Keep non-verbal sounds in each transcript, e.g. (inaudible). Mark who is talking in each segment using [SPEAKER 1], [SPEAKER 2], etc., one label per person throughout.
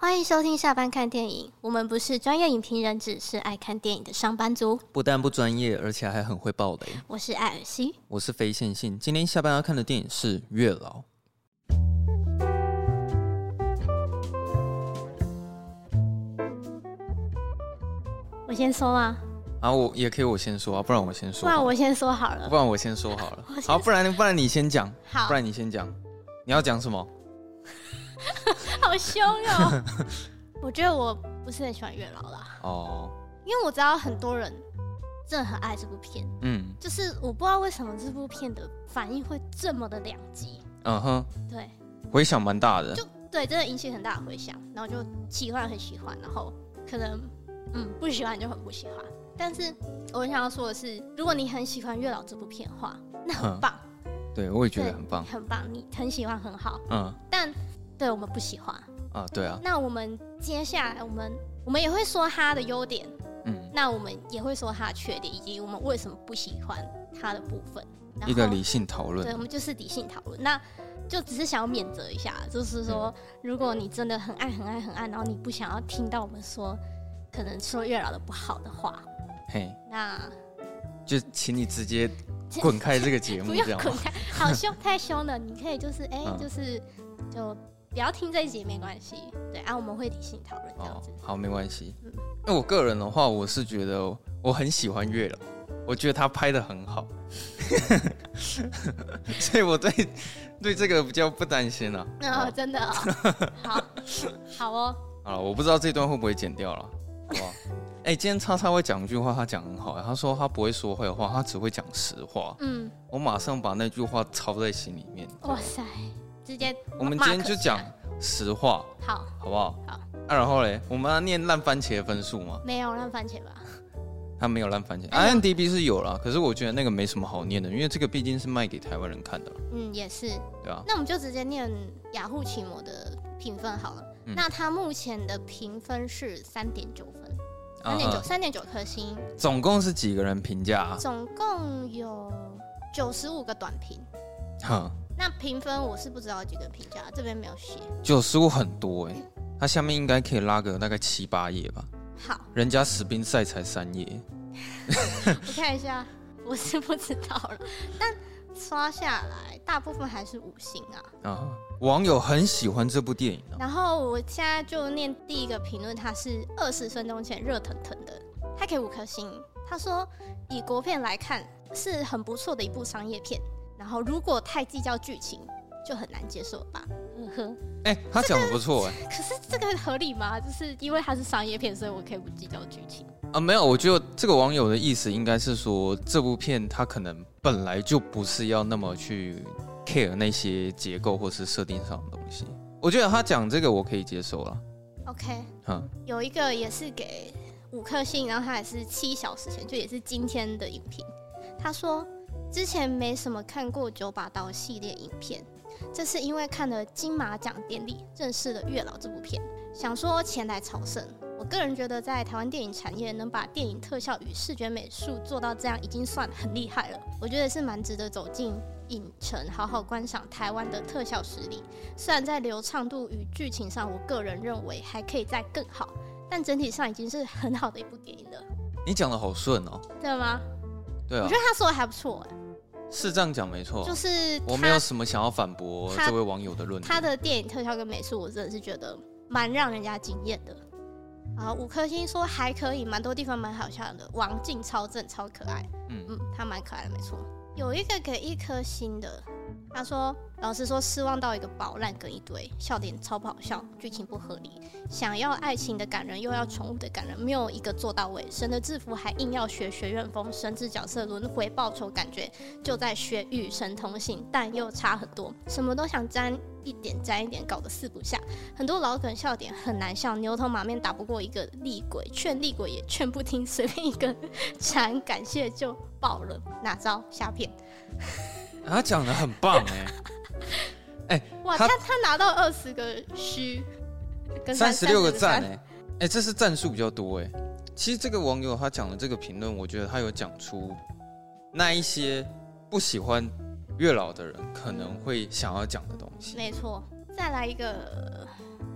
[SPEAKER 1] 歡迎收聽下班看電影。我們不是專業影評人，只是愛看電影的上班族。
[SPEAKER 2] 不但不專業，而且還很會爆雷。
[SPEAKER 1] 我是艾爾西，
[SPEAKER 2] 我是非線性。今天下班要看的電影是《月老》。
[SPEAKER 1] 我先說啊，
[SPEAKER 2] 啊，我也可以。我先說啊，不然我先說。不然我
[SPEAKER 1] 先說好了。不
[SPEAKER 2] 然我先說好了。好了， (laughs) 好，不然你，不然你先講。好，不然你先講。你要講什麼？
[SPEAKER 1] (laughs) 好凶哦、喔！我覺得我不是很喜歡月老啦。
[SPEAKER 2] 哦，
[SPEAKER 1] 因為我知道很多人真的很愛這部片。嗯，就是我不知道為什麼這部片的反應會這麼的兩極。
[SPEAKER 2] 嗯哼，對，回響蠻大的。就
[SPEAKER 1] 對，真的引起很大的回響，然後就喜歡很喜歡，然後可能嗯不喜歡就很不喜歡。但是我想要說的是，如果你很喜歡月老這部片的話，那很棒。
[SPEAKER 2] 對，我也覺得很棒，很
[SPEAKER 1] 棒。你很喜歡很好。嗯，但。對，我們不喜歡啊，對啊。那我們接下來，我們我們也會說他的優點，嗯，那我們也會說他的缺點，以及我們為什麼不喜歡他的部分。一
[SPEAKER 2] 個理性討論，對，我
[SPEAKER 1] 們就是理性討論。那就只是想要免責一下，就是說，嗯、如果你真的很愛、很愛、很愛，然後你不想要聽到我們說，可能說月老的不好的話，
[SPEAKER 2] 嘿，那就請你直接滾開這個節目， (laughs) 這樣吧 (laughs) 不要滾開，好凶，
[SPEAKER 1] (laughs) 太凶了。你可以就是哎、欸嗯，就是就。只要聽這一集沒關係，對啊，我們會理性討論這樣
[SPEAKER 2] 子、哦。好，沒關係。那、嗯、我個人的話，我是覺得我很喜歡月老，我覺得他拍得很好， (laughs) 所以我對對這個比較不擔心了、啊。啊、哦，真的、哦， (laughs) 好，好哦。好，我不知道這段會不會剪掉了。好。哎、 (laughs) 欸，今天叉叉會講一句話，他講很好，他說他不會說壞話，他只會講實話。嗯，我馬上把那句話抄在心裡面。哇
[SPEAKER 1] 塞。直接，我們今天就講
[SPEAKER 2] 實話，好，好不好？好。啊，然後嘞，我們要念爛番茄的分數嗎？
[SPEAKER 1] 沒有爛番茄吧？
[SPEAKER 2] 他沒有爛番茄，IMDB、哎、是有啦，可是我覺得那個沒什麼好念的，因為這個畢竟是賣給台灣人看的。嗯，也是。對啊，那我們
[SPEAKER 1] 就直接念雅虎奇摩的評分好了、嗯。那他目前的評分是三點九分，三
[SPEAKER 2] 點九，三
[SPEAKER 1] 點九顆星。
[SPEAKER 2] 總共是幾個人評價、啊？
[SPEAKER 1] 總共有九十五個短評。
[SPEAKER 2] 好、嗯。
[SPEAKER 1] 那評分我是不知道有幾個評價，這邊沒有寫。
[SPEAKER 2] 九十五很多哎、欸，okay. 它下面應該可以拉個大概七八頁吧。好，人家史賓賽才三頁。
[SPEAKER 1] (laughs) (laughs) 我看一下，我是不知道了。但刷下來，大部分還是五星啊。
[SPEAKER 2] 啊，網友很喜歡這部電
[SPEAKER 1] 影、啊。然後我現在就念第一個評論，他是二十分鐘前熱騰騰的，他給五顆星。他說，以國片來看，是很不錯的一部商業片。然後，如果太計較劇情，就很難接受吧。嗯哼，
[SPEAKER 2] 哎，他講的不錯哎、欸這個。
[SPEAKER 1] 可是這個合理嗎？就是因為他是商業片，所以我可以不計較劇情
[SPEAKER 2] 啊？沒有，我覺得這個網友的意思應該是說，這部片他可能本來就不是要那麼去 care 那些結構或是設定上的東西。我覺得他講這個，我可以接受了。OK，嗯，
[SPEAKER 1] 有一個也是給五顆星，然後他也是七小時前就也是今天的影評，他說。之前沒什麼看過九把刀系列影片，這次因為看了金馬獎典禮，認識了《月老》這部片，想說前來朝聖。我個人覺得，在台灣電影產業能把電影特效與視覺美術做到這樣，已經算很厲害了。我覺得是蠻值得走進影城，好好觀賞台灣的特效實力。雖然在流暢度與劇情上，我個人認為還可以再更好，但整體上已經是很好的一部電影了。
[SPEAKER 2] 你講得好順哦，對嗎？對啊、我覺得他
[SPEAKER 1] 說的還不錯、欸，哎，
[SPEAKER 2] 是這樣講沒錯，就是，我，是，是沒、就是、我沒有什麼想要反駁這位網友的論點。
[SPEAKER 1] 他的電影特效跟美術，我真的是覺得蠻讓人家驚豔的。啊，五顆星說還可以，蠻多地方蠻好笑的。王淨超正超可愛，嗯嗯，他蠻可愛的，沒錯。有一個給一顆星的，他說：“老實說，失望到一個爆爛梗一堆，笑點超不好笑，劇情不合理。想要愛情的感人，又要寵物的感人，沒有一個做到位。神的制服還硬要學學院風，神之角色輪迴報仇感覺就在學與神同行，但又差很多，什麼都想沾。”一點沾一點，搞得四不像。很多老梗笑點很難笑，牛頭馬面打不過一個厲鬼，勸厲鬼也勸不聽，隨便一個饞感謝就爆了。哪招瞎騙？
[SPEAKER 2] 他講得很棒哎、
[SPEAKER 1] 欸，哎、 (laughs) 欸、哇，他他，他拿到二十個噓，跟三十六個讚哎、
[SPEAKER 2] 欸，哎、欸、這是讚數比較多哎、欸。其實這個網友他講的這個評論，我覺得他有講出那一些不喜歡。月老的人可能會想要講的東
[SPEAKER 1] 西、嗯嗯，沒錯。再來一個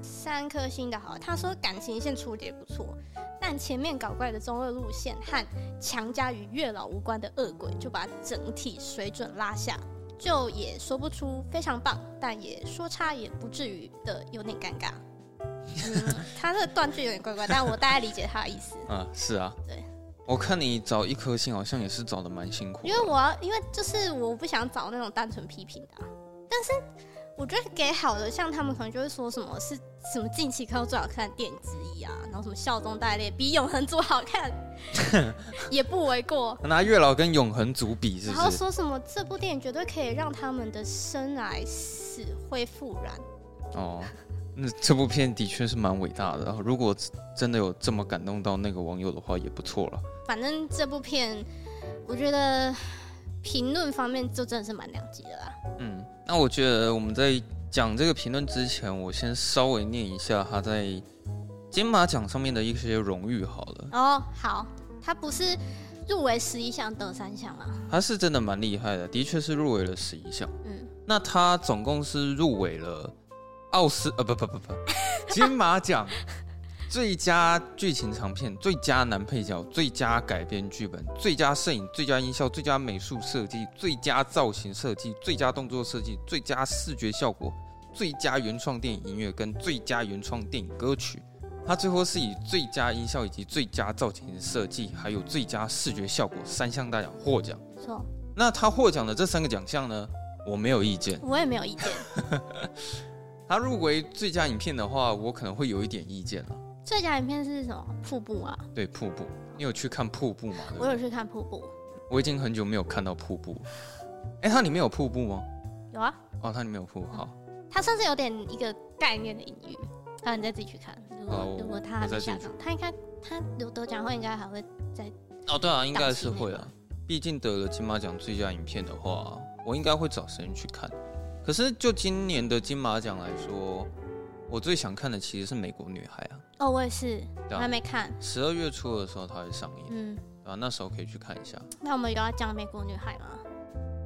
[SPEAKER 1] 三顆星的好，他說感情線處理也不錯，但前面搞怪的中二路線和強加與月老無關的惡鬼，就把整體水準拉下，就也說不出非常棒，但也說差也不至於的，有點尷尬、 (laughs) 嗯。他這斷句有點怪怪， (laughs) 但我大概理解他的意思。
[SPEAKER 2] 嗯、啊，是啊。對。我看你找一顆星，好像也是找的蠻辛苦。
[SPEAKER 1] 啊、因為我要，因為就是我不想找那種單純批評的、啊。但是我覺得給好的，像他們可能就會說什麼是什麼近期看到最好看的電影之一啊，然後什麼《笑中帶淚》比《永恆族》好看， (laughs) 也不為過。
[SPEAKER 2] 拿月老跟《永恆族》比是是，然後說
[SPEAKER 1] 什麼這部電影絕對可以讓他們的生來死灰復燃。
[SPEAKER 2] 哦，那這部片的確是蠻偉大的。然後如果真的有這麼感動到那個網友的話，也不錯了。
[SPEAKER 1] 反正這部片，我覺得評論方面就真的是蠻兩極的啦。嗯，
[SPEAKER 2] 那我覺得我們在講這個評論之前，我先稍微念一下他在金馬獎上面的一些榮譽好
[SPEAKER 1] 了。哦，好，他不是入圍十一項得三項嗎？
[SPEAKER 2] 他是真的蠻厲害的，的確是入圍了十一項。嗯，那他總共是入圍了奧斯呃不不不不 (laughs) 金馬獎獎。 (laughs) 最佳劇情長片、最佳男配角、最佳改編劇本、最佳攝影、最佳音效、最佳美術設計、最佳造型設計、最佳動作設計、最佳視覺效果、最佳原創電影音樂跟最佳原創電影歌曲，他最後是以最佳音效以及最佳造型設計還有最佳視覺效果三項大獎獲獎。錯，那他獲獎的這三個獎項呢，我沒有意見，
[SPEAKER 1] 我也沒有意見。
[SPEAKER 2] (laughs) 他入圍最佳影片的話，我可能會有一點意見了。
[SPEAKER 1] 最佳影片是什麼？瀑布啊？
[SPEAKER 2] 對，瀑布。你有去看瀑布嗎？我
[SPEAKER 1] 有去看瀑布。
[SPEAKER 2] 我已經很久沒有看到瀑布。哎，它裡面有瀑布嗎？有啊。哦，它裡面有瀑布。嗯、好。
[SPEAKER 1] 它甚至有點一個概念的隱喻。那、啊、你再自己去看。如果、哦、如果他還下場，他應該他有得獎話，應該還會再。
[SPEAKER 2] 哦，對啊，應該是會啊、嗯。畢竟得了金馬獎最佳影片的話，嗯、我應該會找時間去看。可是就今年的金馬獎來說。我最想看的其實是《美國女孩》啊！
[SPEAKER 1] 哦，我也是，我、啊、還沒看。
[SPEAKER 2] 十二月初的時候她會上映，嗯，啊，那時候可以去看一下。那
[SPEAKER 1] 我們又要講《美國女孩》嗎？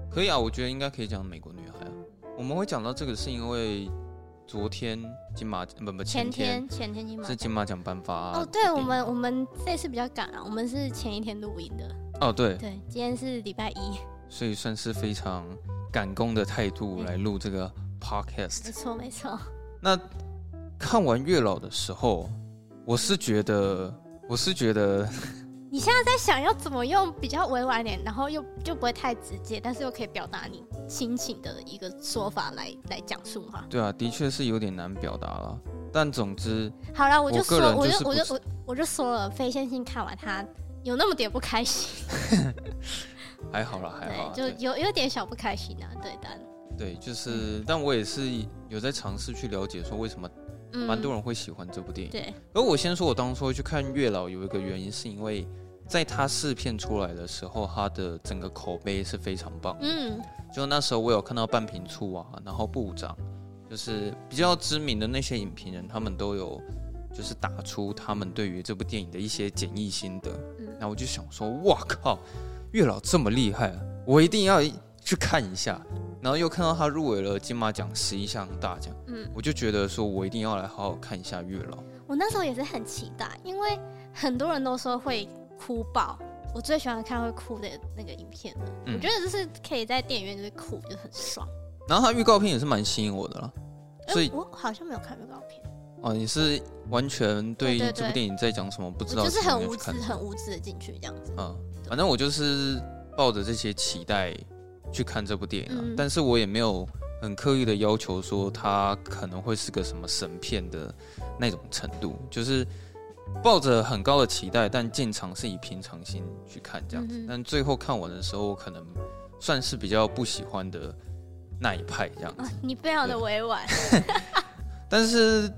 [SPEAKER 2] 可以啊，我覺得應該可以講《美國女孩》啊。我們會講到這個是因為昨天金馬，不不，前天
[SPEAKER 1] 前天金馬是
[SPEAKER 2] 金馬獎頒发。哦，
[SPEAKER 1] 對，我們我們這次比較趕啊，我們是前一天錄音的。哦，對對，今天是禮拜一，
[SPEAKER 2] 所以算是非常趕工的態度來錄這個 podcast。嗯、不錯，沒錯沒錯，那。看完月老的時候，我是覺得，我是覺得，
[SPEAKER 1] 你現在在想要怎麼用比較委婉點，然後又就不會太直接，但是又可以表達你心情的一個說法來、嗯、來講述哈。對
[SPEAKER 2] 啊，的確是有點難表達了。但總之、嗯，好啦，我就說，我就我就我
[SPEAKER 1] 就我，我就說了，非線性看完它，有那麼點不開心。
[SPEAKER 2] (laughs) (laughs) 還好啦對還好啦對，就
[SPEAKER 1] 有有點小不開心啊。對但
[SPEAKER 2] 對，就是、嗯，但我也是有在嘗試去了解說為什麼。蠻多人會喜歡這部電影。嗯、對，而我先說，我當初去看《月老》有一個原因，是因為在他試片出來的時候，他的整個口碑是非常棒。嗯，就那時候我有看到半瓶醋啊，然後部長，就是比較知名的那些影評人，他們都有就是打出他們對於這部電影的一些簡易心得。嗯，然後我就想說，哇靠，《月老》這麼厲害，我一定要去看一下。然後又看到他入圍了金馬獎十一項大獎，嗯，我就覺得說我一定要來好好看一下《月老》。
[SPEAKER 1] 我那時候也是很期待，因為很多人都說會哭爆，嗯、我最喜歡看會哭的那個影片了、嗯。我覺得就是可以在電影院就是哭就很爽。
[SPEAKER 2] 然後他預告片也是蠻吸引我的了，所以、欸、
[SPEAKER 1] 我好像沒有看預告片。哦、
[SPEAKER 2] 啊，你是完全對這部電影在講什麼、欸、對對對不知道就？就是很無知，很
[SPEAKER 1] 無知的進去這樣子
[SPEAKER 2] 啊。反正、啊、我就是抱着這些期待。去看這部電影啊、嗯，但是我也沒有很刻意的要求說它可能會是個什麼神片的那種程度，就是抱着很高的期待，但進場是以平常心去看這樣子。嗯、但最後看完的時候，我可能算是比較不喜歡的那一派這樣子。
[SPEAKER 1] 啊、你非常的委婉，
[SPEAKER 2] (laughs) 但是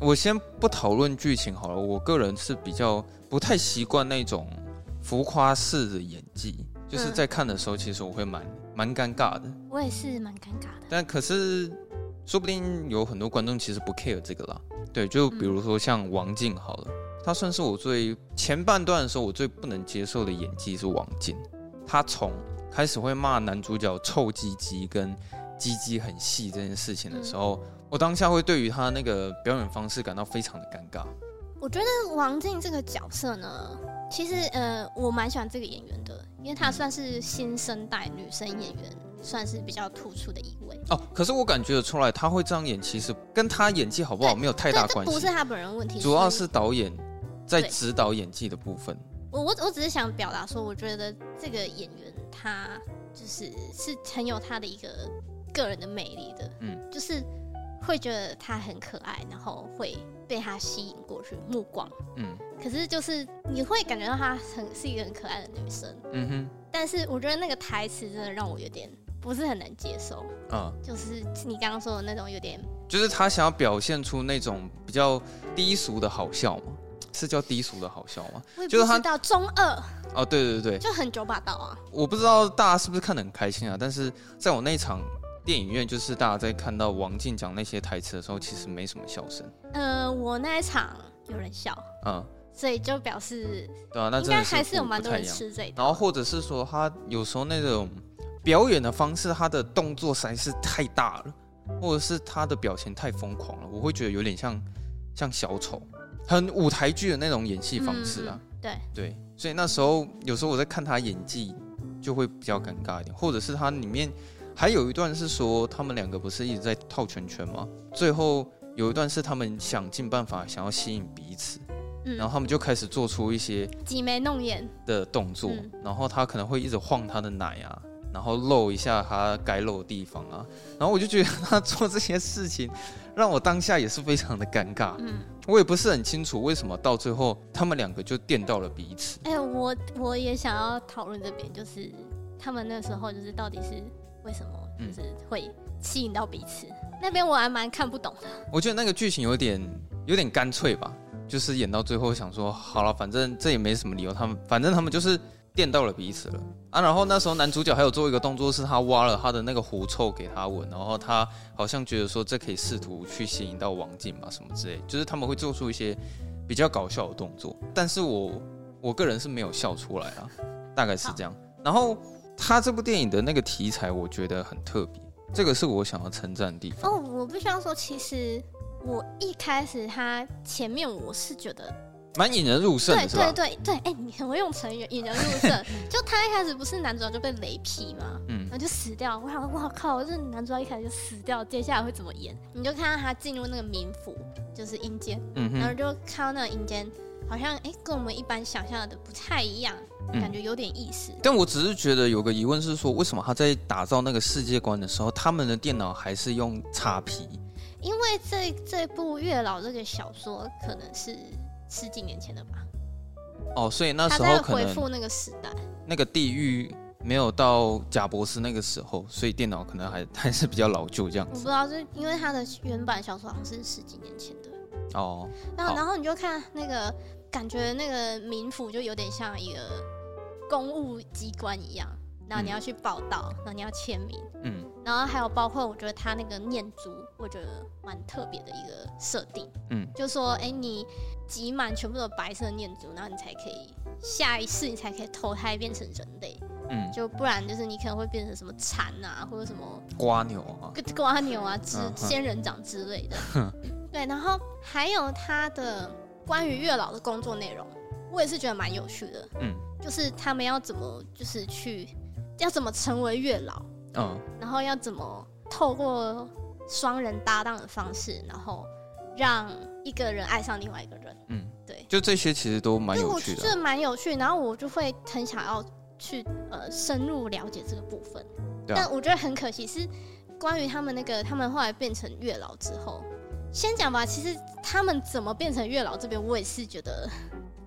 [SPEAKER 2] 我先不討論劇情好了。我個人是比較不太習慣那種浮誇式的演技，就是在看的時候，其實我會蠻、嗯。蠻尷尬的，
[SPEAKER 1] 我也是蠻尷尬
[SPEAKER 2] 的。但可是，說不定有很多觀眾其實不 care 這個啦。對，就比如說像王淨好了，嗯，他算是我最前半段的時候我最不能接受的演技是王淨。他從開始會罵男主角臭雞雞跟雞雞很細這件事情的時候，嗯，我當下會對於他那個表演方式感到非常的尷尬。
[SPEAKER 1] 我覺得王淨這個角色呢，其實呃，我蠻喜歡這個演員的，因為她算是新生代女生演員，算是比較突出的一位
[SPEAKER 2] 哦。可是我感覺得出來，她會這樣演，其實跟她演技好不好沒有太大關係，不是
[SPEAKER 1] 她本人問題，主要是
[SPEAKER 2] 導演在指導演技的部分。
[SPEAKER 1] 我我我只是想表達說，我覺得這個演員她就是是很有她的一個個人的魅力的，嗯，就是。會覺得她很可愛，然後會被她吸引過去目光。嗯，可是就是你會感覺到她很是一個很可愛的女生。
[SPEAKER 2] 嗯哼。
[SPEAKER 1] 但是我覺得那個台詞真的讓我有點不是很能接受。啊、嗯，就是你剛剛說的那種有點，
[SPEAKER 2] 就是他想要表現出那種比較低俗的好笑嘛？是叫低俗的好笑嗎？就是他
[SPEAKER 1] 到中二。
[SPEAKER 2] 哦，對對對，就
[SPEAKER 1] 很九把刀啊！
[SPEAKER 2] 我不知道大家是不是看得很開心啊，但是在我那一場。電影院就是大家在看到王淨講那些台詞的時候，其實沒什麼笑聲。
[SPEAKER 1] 呃，我那一場有人笑，嗯、啊，所以就表示
[SPEAKER 2] 對啊，那真的是還是有蠻多人吃這一套。然後或者是說他有時候那種表演的方式，他的動作實在是太大了，或者是他的表情太瘋狂了，我會覺得有點像像小丑，很舞台劇的那種演戲方式啊。嗯、對對，所以那時候有時候我在看他演技，就會比較尷尬一點，或者是他裡面。還有一段是說，他們兩個不是一直在套圈圈嗎？最後有一段是他們想盡辦法想要吸引彼此，
[SPEAKER 1] 嗯，然後他們
[SPEAKER 2] 就開始做出一些
[SPEAKER 1] 擠眉弄眼
[SPEAKER 2] 的動作，然後他可能會一直晃他的奶啊，然後露一下他該露的地方啊，然後我就覺得他做這些事情，讓我當下也是非常的尷尬。嗯，我也不是很清楚為什麼到最後他們兩個就電到了彼此。哎，
[SPEAKER 1] 欸，我我也想要討論這邊，就是他們那時候就是到底是。為什麼就是會吸引到彼此？嗯、那邊我還蠻看不懂的。
[SPEAKER 2] 我覺得那個劇情有點有點乾脆吧，就是演到最後想說好了，反正這也沒什麼理由，他們反正他們就是電到了彼此了啊。然後那時候男主角還有做一個動作，是他挖了他的那個狐臭給他聞，然後他好像覺得說這可以試圖去吸引到王靜吧什麼之類的，就是他們會做出一些比較搞笑的動作，但是我我個人是沒有笑出來啊，大概是這樣。然後。他這部電影的那個題材，我覺得很特別，這個是我想要稱讚的地方。
[SPEAKER 1] 哦，我必須要說，其實我一開始他前面我是覺得
[SPEAKER 2] 蠻引人入勝的，對對
[SPEAKER 1] 對對。哎、欸，你很會用成語，引人入勝。 (laughs) 就他一開始不是男主角就被雷劈嘛，嗯，然後就死掉。我想，哇靠，這男主角一開始就死掉，接下來會怎麼演？你就看到他進入那個冥府，就是陰間、嗯，然後就看到那個陰間。好像哎、欸，跟我們一般想象的不太一樣，感覺有點意
[SPEAKER 2] 思、嗯。但我只是覺得有個疑問是說，為什麼他在打造那個世界觀的時候，他們的電腦還是用 XP？
[SPEAKER 1] 因為這這部《月老》這個小說可能是十幾年前的吧。哦，所以那時候可能那個時代，
[SPEAKER 2] 那個地獄沒有到賈伯斯那個時候，所以電腦可能還還是比較老舊。這樣子我不
[SPEAKER 1] 知道，就是因為他的原版小說好像是十幾年前的哦。那然，然後你就看那個。感覺那個冥府就有點像一個公務機關一樣，然後你要去報到、嗯，然後你要簽名，嗯，然後還有包括我覺得他那個念珠，我覺得蠻特別的一個設定，嗯，就是、說哎、欸，你集滿全部的白色的念珠，然後你才可以下一次，你才可以投胎變成人類，嗯，就不然就是你可能會變成什麼蠶啊，或者什麼
[SPEAKER 2] 瓜牛啊，跟
[SPEAKER 1] 瓜牛啊之 (laughs) 仙人掌之類的， (laughs) 對，然後還有他的。關於月老的工作內容，我也是覺得蠻有趣的。嗯，就是他們要怎麼，就是去要怎麼成為月老，嗯，然後要怎麼透過雙人搭檔的方式，然後讓一個人愛上另外一個人。嗯，對，
[SPEAKER 2] 就這些其實都蠻有趣的，
[SPEAKER 1] 蠻有趣。然後我就會很想要去呃深入了解這個部分。對啊。但我覺得很可惜是，關於他們那個，他們後來變成月老之後。先講吧，其實他們怎麼變成月老這邊，我也是覺得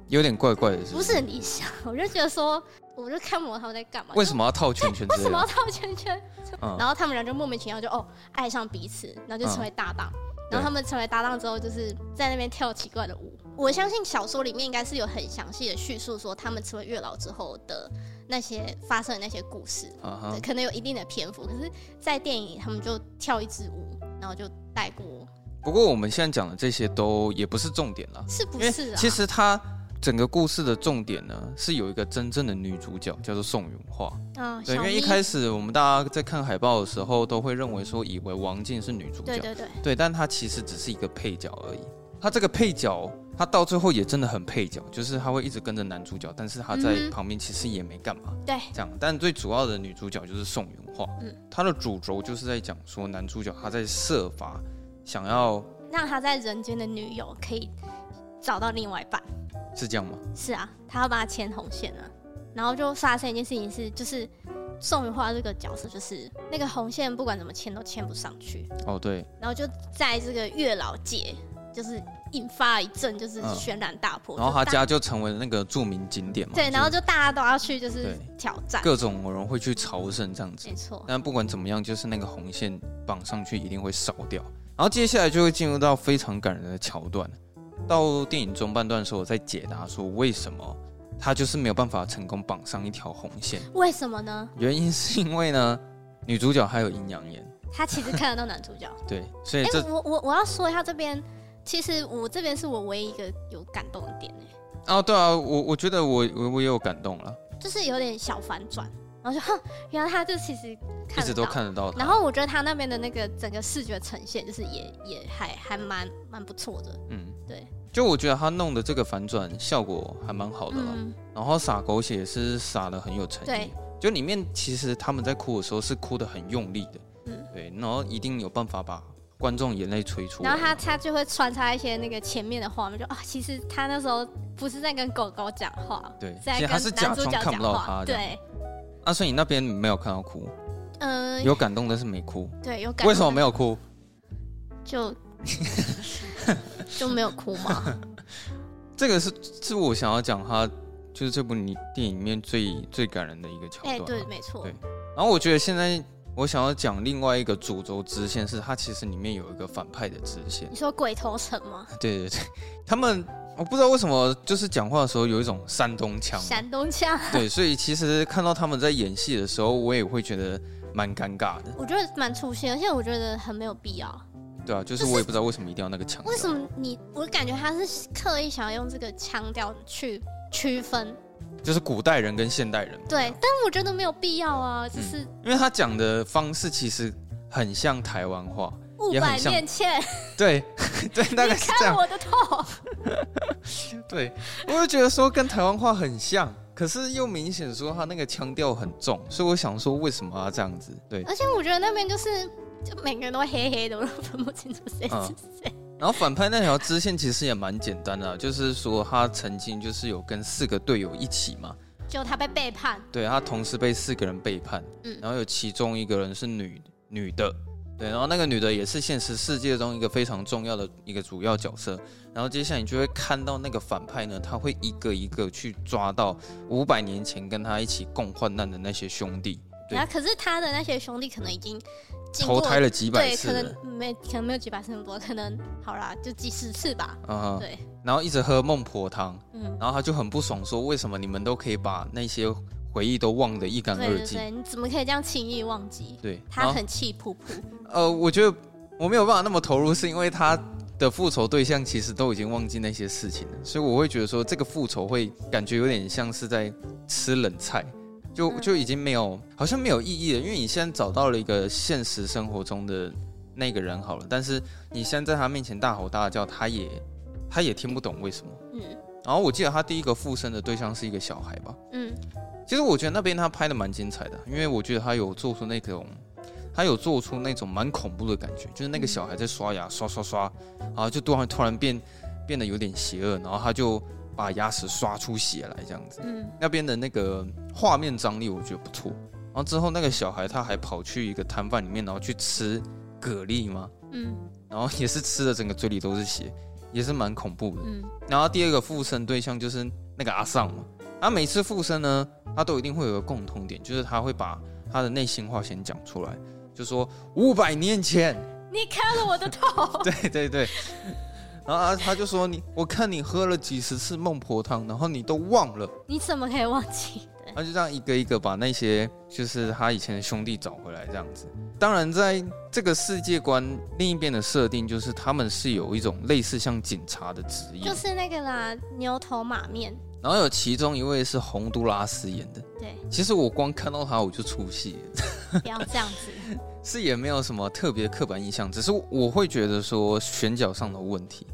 [SPEAKER 2] 有點怪怪的，是不是。不是很
[SPEAKER 1] 理想，我就覺得說，我就看不懂他們在幹嘛。為什麼要套圈圈？為 (laughs) 什麼要套圈圈？啊、然後他們倆就莫名其妙就哦愛上彼此，然後就成為搭檔、啊。然後他們成為搭檔之後，就是在那邊跳奇怪的舞。我相信小說裡面應該是有很詳細的敘述，說他們成為月老之後的那些發生的那些故事，啊、對可能有一定的篇幅。可是，在電影，他們就跳一支舞，然後就帶過。
[SPEAKER 2] 不過我們現在講的這些都也不是重點了，是不是、啊？其實它整個故事的重點呢，是有一個真正的女主角，叫做宋芸樺。
[SPEAKER 1] 啊、哦，對，因為一開始
[SPEAKER 2] 我們大家在看海報的時候，都會認為說以為王靜是女主角，對對對，對，但她其實只是一個配角而已。她這個配角，她到最後也真的很配角，就是她會一直跟着男主角，但是她在旁邊其實也沒幹嘛。對、嗯，這樣。但最主要的女主角就是宋芸樺，她、嗯、的主軸就是在講說男主角他在設法。想要
[SPEAKER 1] 讓他在人間的女友可以找到另外一半，
[SPEAKER 2] 是這樣嗎？
[SPEAKER 1] 是啊，他要幫他牽紅線了。然後就發生一件事情是，就是宋芸樺這個角色就是那個紅線不管怎麼牽都牽不上去。
[SPEAKER 2] 哦，對。
[SPEAKER 1] 然後就在這個月老界就是引發一陣就是軒然大波，嗯。然後他家
[SPEAKER 2] 就成為那個著名景點嘛。對，
[SPEAKER 1] 然後就大家都要去就是挑戰。各
[SPEAKER 2] 種人會去朝聖這樣子。嗯，沒錯。但不管怎麼樣，就是那個紅線綁上去一定會燒掉。然後接下來就會進入到非常感人的橋段，到電影中半段的時候，我再解答說為什麼他就是沒有辦法成功綁上一條紅線，
[SPEAKER 1] 為什麼呢？
[SPEAKER 2] 原因是因為呢，女主角還有陰陽眼，
[SPEAKER 1] 她其實看得到男主角。 (laughs)
[SPEAKER 2] 對，所以、欸、我
[SPEAKER 1] 我我要說一下這邊，其實我這邊是我唯一一個有感動的點哦、
[SPEAKER 2] 啊，對啊，我我覺得我我我也有感動了，
[SPEAKER 1] 就是有點小反轉。然後就哼，原來他就其實一直都
[SPEAKER 2] 看得到。然後
[SPEAKER 1] 我覺得他那邊的那個整個視覺呈現，就是也也還還蠻蠻不錯的。嗯，對。
[SPEAKER 2] 就我覺得他弄的這個反轉效果還蠻好的了、嗯。然後撒狗血也是撒的很有誠意。對。就裡面其實他們在哭的時候是哭的很用力的。嗯。對。然後一定有辦法把觀眾眼淚催出。然後他
[SPEAKER 1] 他就會穿插一些那個前面的畫面，就啊、哦，其實他那時候不是在跟狗狗講話，對，其實他是假裝看不到他的。對。
[SPEAKER 2] 阿、啊、所以你那邊沒有看到哭，呃、有感動但是沒哭，對，有感。為什麼沒有哭？
[SPEAKER 1] 就 (laughs) 就沒有哭嘛
[SPEAKER 2] (laughs) 這個是是我想要講，他就是這部你電影裡面最最感人的一個橋段、啊欸，對，沒錯。對，然後我覺得現在我想要講另外一個主軸支線，是它其實裡面有一個反派的支線。你
[SPEAKER 1] 說鬼頭成嗎？
[SPEAKER 2] 對對對，他們。我不知道為什麼，就是講話的時候有一種山東腔。
[SPEAKER 1] 山東腔。對，
[SPEAKER 2] 所以其實看到他們在演戲的時候，我也會覺得蠻尷尬的。
[SPEAKER 1] 我覺得蠻粗心，而且我覺得很沒有必要。
[SPEAKER 2] 對啊，就是我也不知道為什麼一定要那個腔。為
[SPEAKER 1] 什麼你？我感覺他是刻意想要用這個腔調去區分，
[SPEAKER 2] 就是古代人跟現代人。
[SPEAKER 1] 對，但我覺得沒有必要啊，就是
[SPEAKER 2] 因為他講的方式其實很像台灣話。木板面嵌， (laughs) 對 (laughs) 對，大概是這樣。
[SPEAKER 1] 你看我的頭 (laughs) ，
[SPEAKER 2] 對， (laughs) 我就覺得說跟台灣話很像，可是又明顯說他那個腔調很重，所以我想說為什麼他這樣子？對，而
[SPEAKER 1] 且我覺得那邊就是就每個人都黑黑的，我都分不清楚誰是
[SPEAKER 2] 誰、嗯。 (laughs) 然後反派那條支線其實也蠻簡單的、啊，就是說他曾經就是有跟四個隊友一起嘛，
[SPEAKER 1] 就他被背叛，
[SPEAKER 2] 對他同時被四個人背叛，嗯，然後有其中一個人是女女的。對，然後那個女的也是現實世界中一個非常重要的一個主要角色。然後接下來你就會看到那個反派呢，他會一個一個去抓到五百年前跟他一起共患難的那些兄弟對。對啊，可
[SPEAKER 1] 是他的那些兄弟可能已經、經、嗯、投胎了幾百次對，可能沒可能沒有幾百次那麼多，可能好啦，就幾十次吧。嗯、
[SPEAKER 2] 啊、哼，對。然後一直喝孟婆湯，嗯，然後他就很不爽，說為什麼你們都可以把那些。回憶都忘得一乾二淨。對對對，
[SPEAKER 1] 你怎麼可以這樣輕易忘記？
[SPEAKER 2] 對，他很氣撲撲、哦。呃，我覺得我沒有辦法那麼投入，是因為他的復仇對象其實都已經忘記那些事情了，所以我會覺得說這個復仇會感覺有點像是在吃冷菜，就就已經沒有、嗯，好像沒有意義了。因為你現在找到了一個現實生活中的那個人好了，但是你現在在他面前大吼大叫，他也他也聽不懂為什麼。嗯。然後我記得他第一個附身的對象是一個小孩吧？嗯。其實我覺得那邊他拍的蠻精彩的，因為我覺得他有做出那種，他有做出那種蠻恐怖的感覺，就是那個小孩在刷牙、嗯、刷刷刷，然後就突然突然變變得有點邪惡，然後他就把牙齒刷出血來這樣子。嗯，那邊的那個畫面張力我覺得不錯。然後之後那個小孩他還跑去一個攤販裡面，然後去吃蛤蜊嘛。嗯，然後也是吃的整個嘴裡都是血，也是蠻恐怖的。嗯，然後第二個附身對象就是那個阿桑嘛。他、啊、每次附身呢，他都一定會有個共同點，就是他會把他的內心話先講出來，就說，五百年前
[SPEAKER 1] 你砍了我的頭
[SPEAKER 2] (laughs) 對對對，然後、啊、他就說，你我看你喝了幾十次孟婆湯，然後你都忘了，
[SPEAKER 1] 你怎麼可以忘記？
[SPEAKER 2] 他就這樣一個一個把那些就是他以前的兄弟找回來，這樣子。當然，在這個世界觀另一邊的設定就是他們是有一種類似像警察的職業，就
[SPEAKER 1] 是那個啦，牛頭馬面。
[SPEAKER 2] 然後有其中一位是洪都拉斯演的，對。其實我光看到他我就出戲了，不要這樣子。 (laughs) 是也沒有什麼特別刻板印象，只是我會覺得說選角上的問題。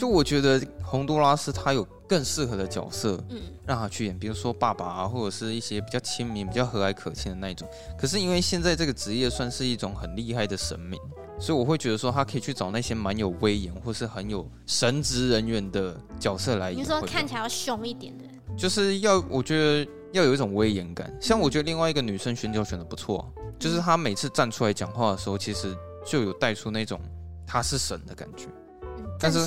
[SPEAKER 2] 就我覺得洪都拉斯他有更適合的角色，嗯，讓他去演，嗯，比如說爸爸啊，或者是一些比較親民、比較和藹可親的那一種。可是因為現在這個職業算是一種很厲害的神明，所以我會覺得說他可以去找那些蠻有威嚴或是很有神職人員的角色來演。你說看
[SPEAKER 1] 起來要兇一點的，
[SPEAKER 2] 就是要我覺得要有一種威嚴感。像我覺得另外一個女生選角選得不錯，嗯、就是她每次站出來講話的時候，其實就有帶出那種她是神的感覺。但是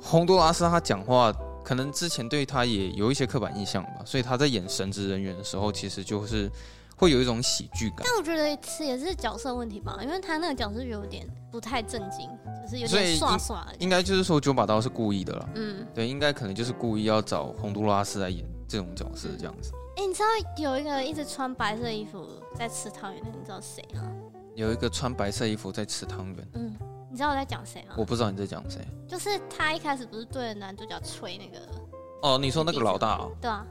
[SPEAKER 2] 洪都拉斯他講話，可能之前對他也有一些刻板印象吧，所以他在演神職人員的時候，其實就是會有一種喜劇感。但
[SPEAKER 1] 我覺得也是角色問題吧，因為他那個角色有點不太正經，就是有點耍耍。
[SPEAKER 2] 應該就是說，九把刀是故意的了。嗯，對，應該可能就是故意要找洪都拉斯來演這種角色，嗯、這樣子。
[SPEAKER 1] 哎，你知道有一個一直穿白色衣服在吃湯圓的，你知道誰啊？
[SPEAKER 2] 有一個穿白色衣服在吃湯圓。嗯。
[SPEAKER 1] 你知道我在講誰嗎？我
[SPEAKER 2] 不知道你在講誰。
[SPEAKER 1] 就是他一開始不是對着男主角吹那個？
[SPEAKER 2] 哦，你說那個老大啊？嗯，對啊。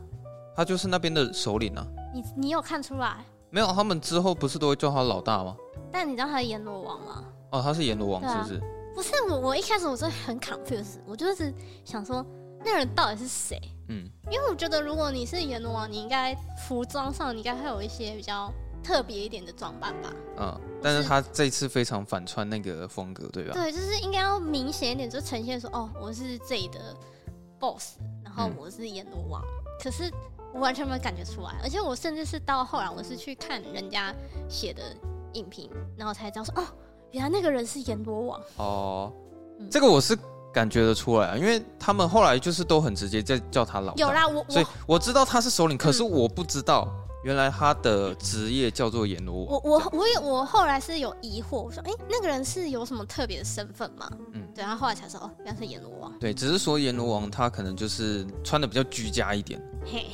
[SPEAKER 2] 他就是那邊的首領啊。
[SPEAKER 1] 你你有看出來？
[SPEAKER 2] 沒有，他們之後不是都會叫他老大嗎？
[SPEAKER 1] 但你知道他是閻羅王嗎？
[SPEAKER 2] 哦，他是閻羅王，是不是？對
[SPEAKER 1] 啊。不是，我我一開始我是很 confused，我就是想說那人到底是誰？
[SPEAKER 2] 嗯，
[SPEAKER 1] 因為我覺得如果你是閻羅王，你應該服裝上你應該會有一些比較。特別一點的裝扮吧，
[SPEAKER 2] 嗯，但是他這次非常反穿那個風格，對吧？對，就
[SPEAKER 1] 是應該要明顯一點，就呈現說，哦，我是這裡的 boss，然後我是閻羅王，可是我完全沒有感覺出來，而且我甚至是到後來，我是去看人家寫的影評，然後才知道說，哦，原來那個人是閻羅王。
[SPEAKER 2] 哦、嗯，這個我是感覺得出來，因為他們後來就是都很直接在叫他老大，有啦，我，所以我知道他是首領，嗯、可是我不知道。原來他的職業叫做閻羅
[SPEAKER 1] 王。我我我也我後來是有疑惑，我說誒，那個人是有什麼特別的身份嗎？嗯，對，他後，後來才說，哦，原來是閻羅王。
[SPEAKER 2] 對，只是說閻羅王他可能就是穿得比較居家一點。嘿，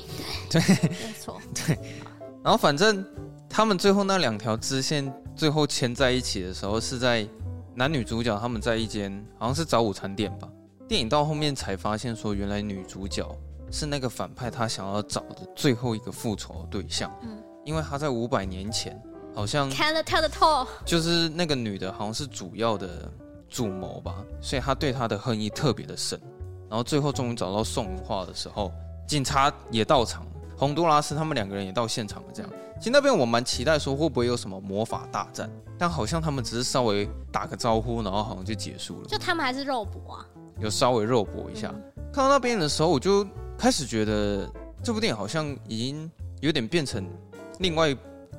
[SPEAKER 2] 對對，沒錯。對。然後反正他們最後那兩條支線最後牽在一起的時候，是在男女主角他們在一間好像是早午餐店吧。電影到後面才發現說，原來女主角。是那個反派，他想要找的最後一個復仇的對象。嗯，因為他在五百年前好像砍
[SPEAKER 1] 了他的頭，
[SPEAKER 2] 就是那個女的，好像是主要的主謀吧，所以他對她的恨意特別的深。然後最後終於找到宋明畫的時候，警察也到場了，洪都拉斯他們兩個人也到現場了。這樣，其實那邊我蠻期待說會不會有什麼魔法大戰，但好像他們只是稍微打個招呼，然後好像就結束了。就
[SPEAKER 1] 他們還是肉搏啊？
[SPEAKER 2] 有稍微肉搏一下。嗯，看到那邊的時候，我就。開始覺得這部電影好像已經有點變成另外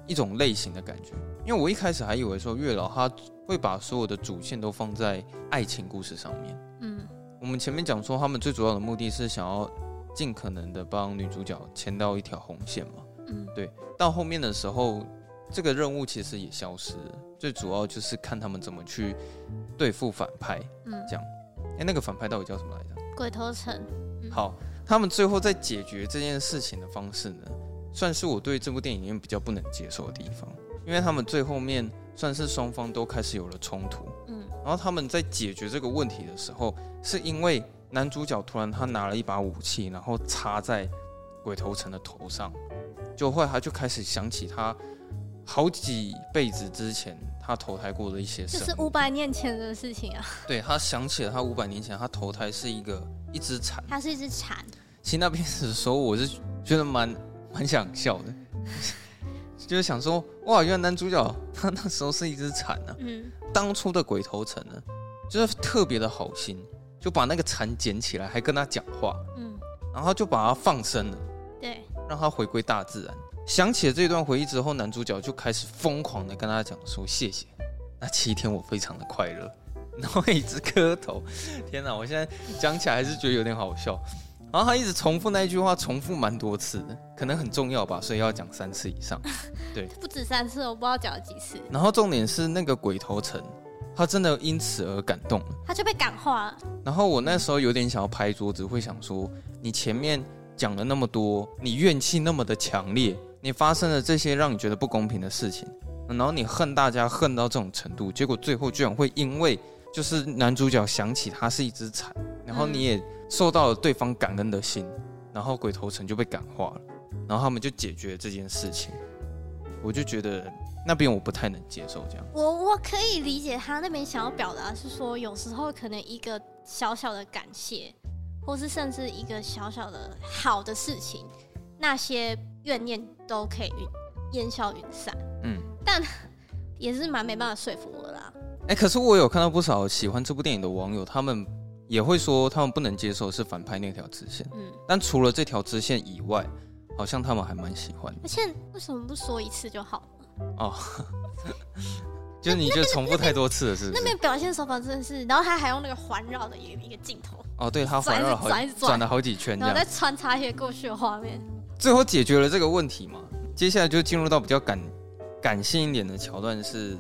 [SPEAKER 2] 一種類型的感覺，因為我一開始還以為說月老他會把所有的主線都放在愛情故事上面。嗯，我們前面講說他們最主要的目的是想要盡可能的幫女主角牽到一條紅線嘛。嗯，對。到後面的時候，這個任務其實也消失了，最主要就是看他們怎麼去對付反派。嗯，這樣。哎，那個反派到底叫什麼來着？
[SPEAKER 1] 鬼頭城。嗯，
[SPEAKER 2] 好。他們最後在解決這件事情的方式呢，算是我對這部電影比較不能接受的地方，因為他們最後面算是雙方都開始有了衝突，嗯，然後他們在解決這個問題的時候，是因為男主角突然他拿了一把武器，然後插在鬼頭城的頭上，就後來他就開始想起他。好幾輩子之前，他投胎過的一些事，這，就是五
[SPEAKER 1] 百年前的事情啊。
[SPEAKER 2] 對，他想起了他五百年前，他投胎是一個一隻蟬，
[SPEAKER 1] 他是一隻蟬。
[SPEAKER 2] 其實那邊的時候，我是覺得蠻蠻想笑的， (laughs) 就是想說，哇，原來男主角他那時候是一隻蟬啊。嗯。當初的鬼頭成呢，就是特別的好心，就把那個蟬撿起來，還跟他講話。嗯。然後就把它放生了。對。讓它回歸大自然。想起了這段回憶之後，男主角就開始瘋狂的跟他講說：“謝謝，那七天我非常的快樂。”然後一直磕頭，天哪！我現在講起來還是覺得有點好笑。然後他一直重複那一句話，重複蠻多次的，可能很重要吧，所以要講三次以上。對，
[SPEAKER 1] 不止三次，我不知道講了幾次。
[SPEAKER 2] 然後重點是那個鬼頭城，他真的因此而感動了，
[SPEAKER 1] 他就被感化了。
[SPEAKER 2] 然後我那時候有點想要拍桌子，會想說：“你前面講了那麼多，你怨氣那麼的強烈。”你發生了這些讓你覺得不公平的事情，然後你恨大家恨到這種程度，結果最後居然會因為就是男主角想起他是一隻蠶，然後你也受到了對方感恩的心，然後鬼頭成就被感化了，然後他們就解決了這件事情。我就覺得那邊我不太能接受這樣。
[SPEAKER 1] 我我可以理解他那邊想要表達是說，有時候可能一個小小的感謝，或是甚至一個小小的好的事情，那些。怨念都可以雲煙消雲散，嗯，但也是蠻沒辦法說服我的啦。
[SPEAKER 2] 哎、欸，可是我有看到不少喜歡這部電影的網友，他們也會說他們不能接受是反派那條支線，嗯，但除了這條支線以外，好像他們還蠻喜歡的。
[SPEAKER 1] 而且為什麼不說一次就好哦？
[SPEAKER 2] (laughs) 就是你就重複太多次了是，是？那邊
[SPEAKER 1] 表現手法真的是，然後他還用那個環繞的一個一個鏡
[SPEAKER 2] 頭，哦，對他環繞轉轉了好幾圈，然後再
[SPEAKER 1] 穿插一些過去的畫面。
[SPEAKER 2] 最後解決了這個問題嘛？接下來就進入到比較感，感性一點的橋段是，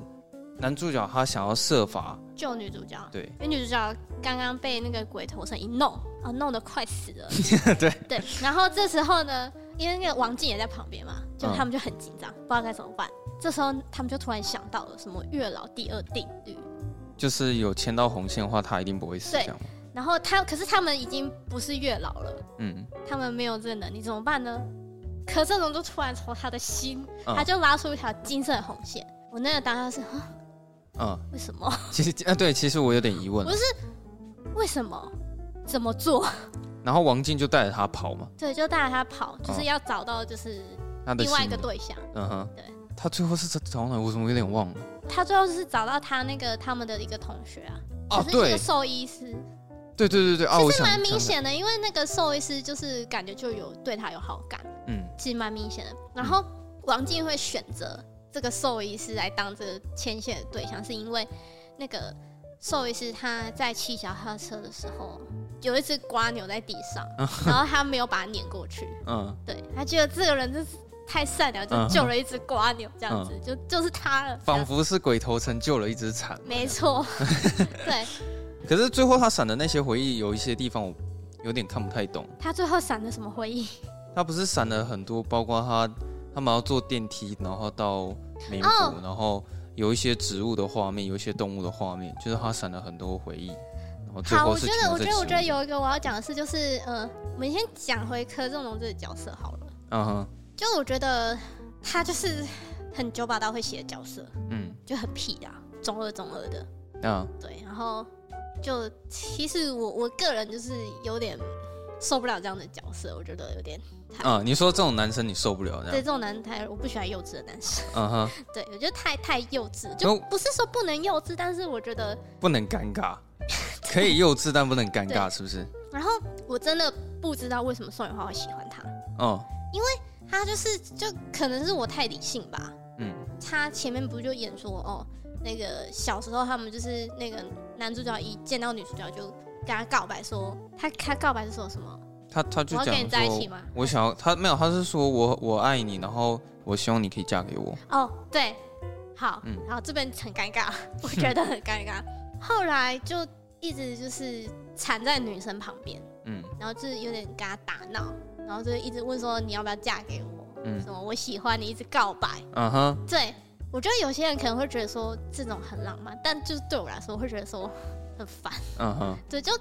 [SPEAKER 2] 男主角他想要設法
[SPEAKER 1] 救女主角，對，因為女主角剛剛被那個鬼頭成一弄啊，弄得快死了，對， (laughs) 對對。然後這時候呢，因為那個王靜也在旁邊嘛，就他們就很緊張、嗯，不知道該怎麼辦。這時候他們就突然想到了什麼月老第二定律，
[SPEAKER 2] 就是有牽到紅線的話，他一定不會死，
[SPEAKER 1] 然後他，可是他們已經不是月老了，嗯，他們沒有這個能力怎麼辦呢？柯震東就突然從他的心、嗯，他就拉出一條金色的紅線。我那個當下是嗯，
[SPEAKER 2] 為什麼？其實啊，對，其實我有點疑問。不、
[SPEAKER 1] 就是為什麼？怎麼做？
[SPEAKER 2] 然後王淨就帶着他跑嘛？ (laughs)
[SPEAKER 1] 對，就帶着他跑，就是要找到就是另外一個對象。嗯哼，
[SPEAKER 2] 對。他最後是找到哪，我怎麼有點忘了？
[SPEAKER 1] 他最後是找到他那個他們的一個同學啊，
[SPEAKER 2] 啊，對，獸醫師。對對對對、啊，其實蠻明顯的，
[SPEAKER 1] 因為那個獸醫師就是感覺就有對他有好感，嗯，其實蠻明顯的。然後王淨會選擇這個獸醫師來當這個牽線的對象，是因為那個獸醫師他在騎小貨車的時候有一隻蝸牛在地上、嗯，然後他沒有把它碾過去，嗯，對，他覺得這個人就是太善良，就救了一隻蝸牛這樣子，嗯、就就是他了，
[SPEAKER 2] 仿佛是鬼頭成救了一隻蟬，
[SPEAKER 1] 沒錯， (laughs) 對。
[SPEAKER 2] 可是最後他閃的那些回憶，有一些地方我有點看不太懂。
[SPEAKER 1] 他最後閃的什麼回憶？
[SPEAKER 2] 他不是閃了很多，包括他他們要坐電梯，然後到美國、哦，然後有一些植物的畫面，有一些動物的畫面，就是他閃了很多回憶，然後最後是。好，我覺得，我覺得，我覺得
[SPEAKER 1] 有一個我要講的是，就是呃，我們先講回柯震東這個角色好了。
[SPEAKER 2] 嗯、啊、哼。
[SPEAKER 1] 就我覺得他就是很九把刀會寫的角色，嗯，就很痞啊，中二中二的。嗯、啊，對，然後。就其實我我個人就是有點受不了這樣的角色，我覺得有點太……
[SPEAKER 2] 啊，你說這種男生你受不了？對，這
[SPEAKER 1] 種男生太，我不喜歡幼稚的男
[SPEAKER 2] 生。
[SPEAKER 1] 嗯哼，對，我覺得太太幼稚，就不是說不能幼稚，哦、但是我覺得
[SPEAKER 2] 不能尷尬，可以幼稚 (laughs) 但不能尷尬，是不是？
[SPEAKER 1] 然後我真的不知道為什麼宋芸樺會喜歡他。哦，因為他就是，就可能是我太理性吧。嗯，他前面不就演說哦。那個小時候，他們就是那個男主角一見到女主角就跟他告白，說他，他告白是說什麼？
[SPEAKER 2] 他他就想要跟你在一起嗎？我想要，他沒有，他是說我，我愛你，然後我希望你可以嫁給我。
[SPEAKER 1] 哦，對，好，嗯，然後這邊很尷尬，我覺得很尷尬。 (laughs) 後來就一直就是纏在女生旁邊，嗯，然後就是有點跟他打鬧，然後就一直問說你要不要嫁給我？嗯，什麼我喜歡你，一直告白。嗯、
[SPEAKER 2] 啊、哼，對。
[SPEAKER 1] 我覺得有些人可能會覺得說這種很浪漫，但就是對我來說，我會覺得說很煩。嗯哼，對，就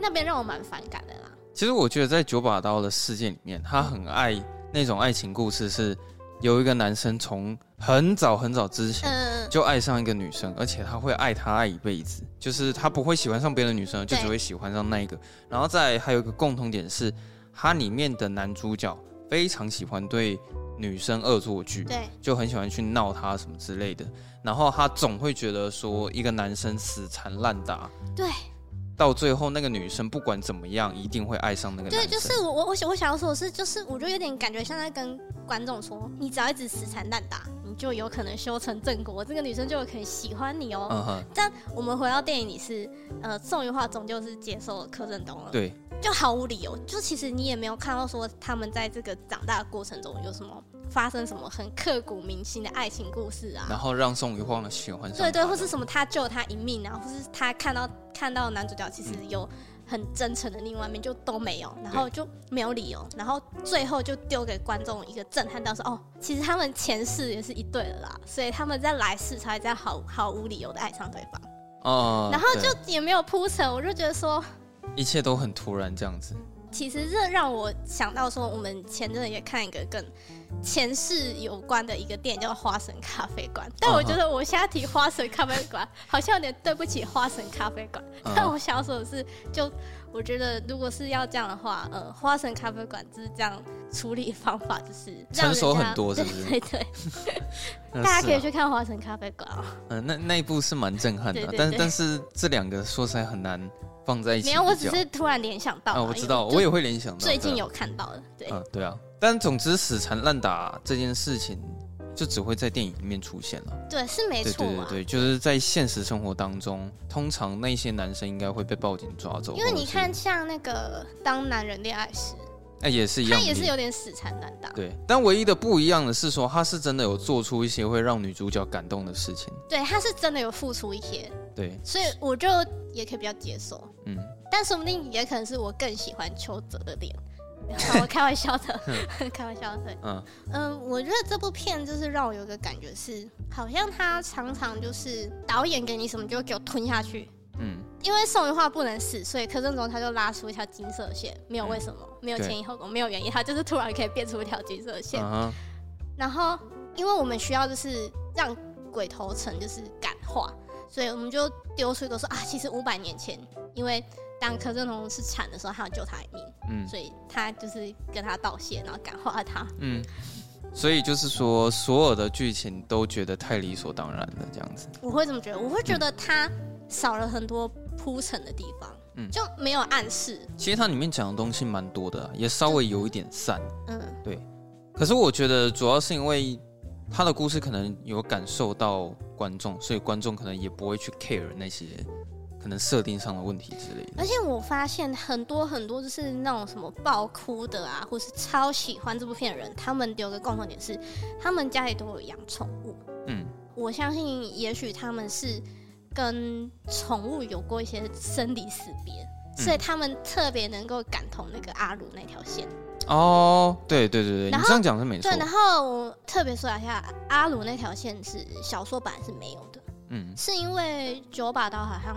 [SPEAKER 1] 那邊讓我蠻反感的啦。
[SPEAKER 2] 其實我覺得在九把刀的世界裡面，他很愛那種愛情故事是，是有一個男生從很早很早之前就愛上一個女生，呃、而且他會愛她愛一輩子，就是他不會喜歡上別的女生，就只會喜歡上那一個。然後再還有一個共同點是，他裡面的男主角非常喜歡對。女生惡作劇，對，就很喜歡去鬧他什麼之類的，然後他總會覺得說一個男生死纏爛打，對。到最後，那個女生不管怎麼樣，一定會愛上那個男生。對，就是
[SPEAKER 1] 我，我我我想要說的是，是就是，我就有點感覺像在跟觀眾說，你只要一直死纏爛打，你就有可能修成正果，這個女生就有可能喜歡你哦、喔。Uh-huh. 但我們回到電影裡是，呃，宋芸樺終究是接受了柯震東了。對。就毫無理由，就其實你也沒有看到說他們在這個長大的過程中有什麼。發生什麼很刻骨銘心的愛情故事啊？
[SPEAKER 2] 然後讓宋芸樺喜歡上他的對,對對，或是
[SPEAKER 1] 什麼他救了他一命、啊，然後或是他看到看到男主角其實有很真誠的另外一面，就都沒有，嗯、然後就沒有理由，然後最後就丟給觀眾一個震撼，當時哦，其實他們前世也是一對的啦，所以他們在來世才在毫毫無理由的愛上對方。
[SPEAKER 2] 哦，然後就
[SPEAKER 1] 也沒有鋪陳，我就覺得說
[SPEAKER 2] 一切都很突然這樣子。
[SPEAKER 1] 其實這讓我想到說，我們前陣也看一個跟前世有關的一個電影，叫《花神咖啡館》。但我覺得我現在提《花神咖啡館，》 (laughs) 好像有點對不起《花神咖啡館》。但我想說的是，就。我覺得如果是要這樣的話，呃，花神咖啡館就是這樣處理的方法，就是成熟很多，是不是？
[SPEAKER 2] (laughs) 對，對對，大家可以去
[SPEAKER 1] 看花神咖啡館。嗯、
[SPEAKER 2] 呃，那那一部是蠻震撼的， (laughs) 對對對，但但是這兩個說實在很難放在一起。沒有，我只是
[SPEAKER 1] 突然聯想到、啊，我知道，我也會聯想到，最近有看到的，
[SPEAKER 2] 對、啊，嗯、呃，對啊。但總之死爛、啊，死纏爛打這件事情，就只會在電影裡面出現了，
[SPEAKER 1] 對，是沒錯。對對
[SPEAKER 2] 對，就是在現實生活當中，通常那些男生應該會被報警抓走。因為你看，
[SPEAKER 1] 像那個當男人戀愛時，
[SPEAKER 2] 哎、欸，也是一樣，他也是有
[SPEAKER 1] 點死纏爛打。
[SPEAKER 2] 對，但唯一的不一樣的是說，他是真的有做出一些會讓女主角感動的事情。
[SPEAKER 1] 對，他是真的有付出一些。對，所以我就也可以比較接受。嗯，但說不定也可能是我更喜歡邱澤的臉。 (laughs) 好我開玩笑的，開玩笑的。嗯嗯、呃，我覺得這部片就是讓我有一個感覺是，好像他常常就是導演給你什麼就給我吞下去。嗯。因為宋芸樺不能死，所以柯震東他就拉出一條金色線，沒有為什麼，嗯、沒有前因後果，沒有原因，他就是突然可以變出一條金色線、uh-huh。然後，因為我們需要就是讓鬼頭城就是感化，所以我們就丟出一個說啊，其實五百年前，因為。當柯震東是慘的時候，他要救他一命，嗯，所以他就是跟他道謝，然後感化他，嗯，
[SPEAKER 2] 所以就是說所有的劇情都覺得太理所當然了，這樣子，
[SPEAKER 1] 我會這麼覺得，我會覺得他少了很多鋪陳的地方，嗯，就沒有暗示。
[SPEAKER 2] 其實他裡面講的東西蠻多的、啊，也稍微有一點散，嗯，對。可是我覺得主要是因為他的故事可能有感受到觀眾，所以觀眾可能也不會去 care 那些。可能設定上的問題之類的，
[SPEAKER 1] 而且我發現很多很多就是那種什麼爆哭的啊，或是超喜歡這部片的人，他們有個共同點是，他們家裡都有養寵物。嗯，我相信也許他們是跟寵物有過一些生離死別，嗯，所以他們特別能夠感同那個阿魯那條線。
[SPEAKER 2] 哦，對對對對，你這樣講是沒錯。對，然
[SPEAKER 1] 後我特別說一下，阿魯那條線是小說版是沒有的。嗯，是因為九把刀好像。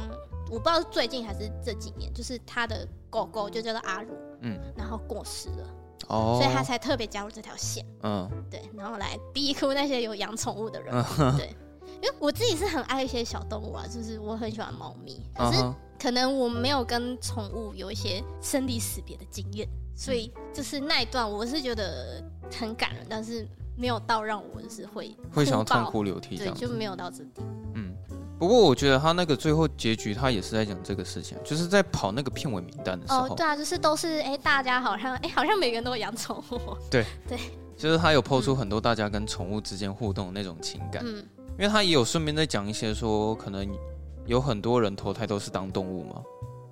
[SPEAKER 1] 我不知道是最近還是這幾年，就是他的狗狗就叫做阿如，嗯，然後過世
[SPEAKER 2] 了，哦，所以他才
[SPEAKER 1] 特別加入這條線，嗯，對，然後來逼哭那些有養寵物的人，嗯呵呵，對，因為我自己是很愛一些小動物啊，就是我很喜歡貓咪，可
[SPEAKER 2] 是
[SPEAKER 1] 可能我沒有跟寵物有一些生離死別的經驗，所以就是那一段我是覺得很感人，但是沒有到讓我就是會會想要痛哭流涕，對，就沒有到這地，嗯。
[SPEAKER 2] 不過我覺得他那個最後結局，他也是在講這個事情，就是在跑那個片尾名單的時候。哦，對啊，
[SPEAKER 1] 就是都是哎，大家好像哎，好像每個人都會養寵物。對對，
[SPEAKER 2] 就是他有拋出很多大家跟寵物之間互動的那種情感。嗯，因為他也有順便在講一些說，可能有很多人投胎都是當動物嘛。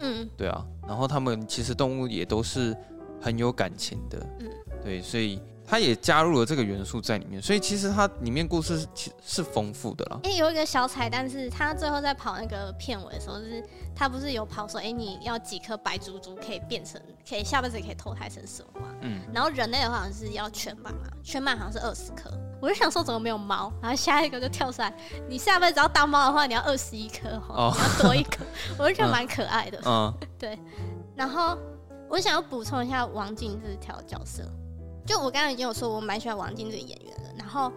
[SPEAKER 2] 嗯，對啊，然後他們其實動物也都是很有感情的。嗯，對，所以。它也加入了這個元素在裡面，所以其實它裡面故事是是豐富的了。
[SPEAKER 1] 哎、欸，有一個小彩蛋是，他最後在跑那個片尾的時候，就是他不是有跑說，哎、欸，你要幾顆白珠珠可以變成，可以下輩子可以投胎成什麼、啊。嗯，然後人類的話、啊、好像是要全滿啊，全滿好像是二十顆。我就想說，怎麼沒有貓？然後下一個就跳出來，你下輩子要當貓的話，你要二十一顆，哦、oh.，你要多一顆、 (laughs) 嗯。我就覺得蠻可愛的。嗯， (laughs) 對。然後我想要補充一下王淨這條角色。就我剛剛已經有說，我蠻喜歡王淨這個演員的。然後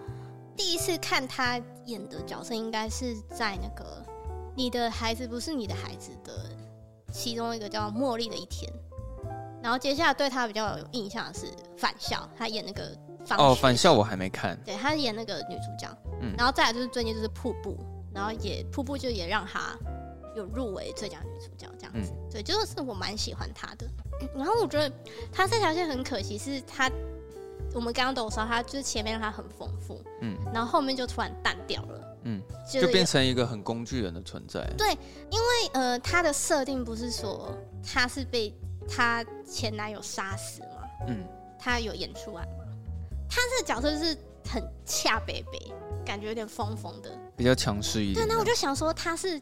[SPEAKER 1] 第一次看他演的角色，應該是在那個《你的孩子不是你的孩子》的其中一個叫茉莉的一天。然後接下來對他比較有印象的是《返校》，他演那個返校。哦，返校
[SPEAKER 2] 我還沒看。對
[SPEAKER 1] 他演那個女主角。嗯。然後再來就是最近就是《瀑布》，然後也瀑布就也讓他有入圍最佳女主角這樣子。嗯、對，就是我蠻喜歡他的、嗯。然後我覺得他這條線很可惜，是他。我們剛剛抖的時候，他就是前面讓他很豐富，嗯，然後後面就突然淡掉了，
[SPEAKER 2] 嗯，就變成一個很工具人的存在。對，
[SPEAKER 1] 因為呃，他的設定不是說他是被他前男友殺死嗎？嗯，他有演出完嗎？他這個的角色是很恰北北，感覺有點瘋瘋的，
[SPEAKER 2] 比較強勢一點。對，那我
[SPEAKER 1] 就想說他是。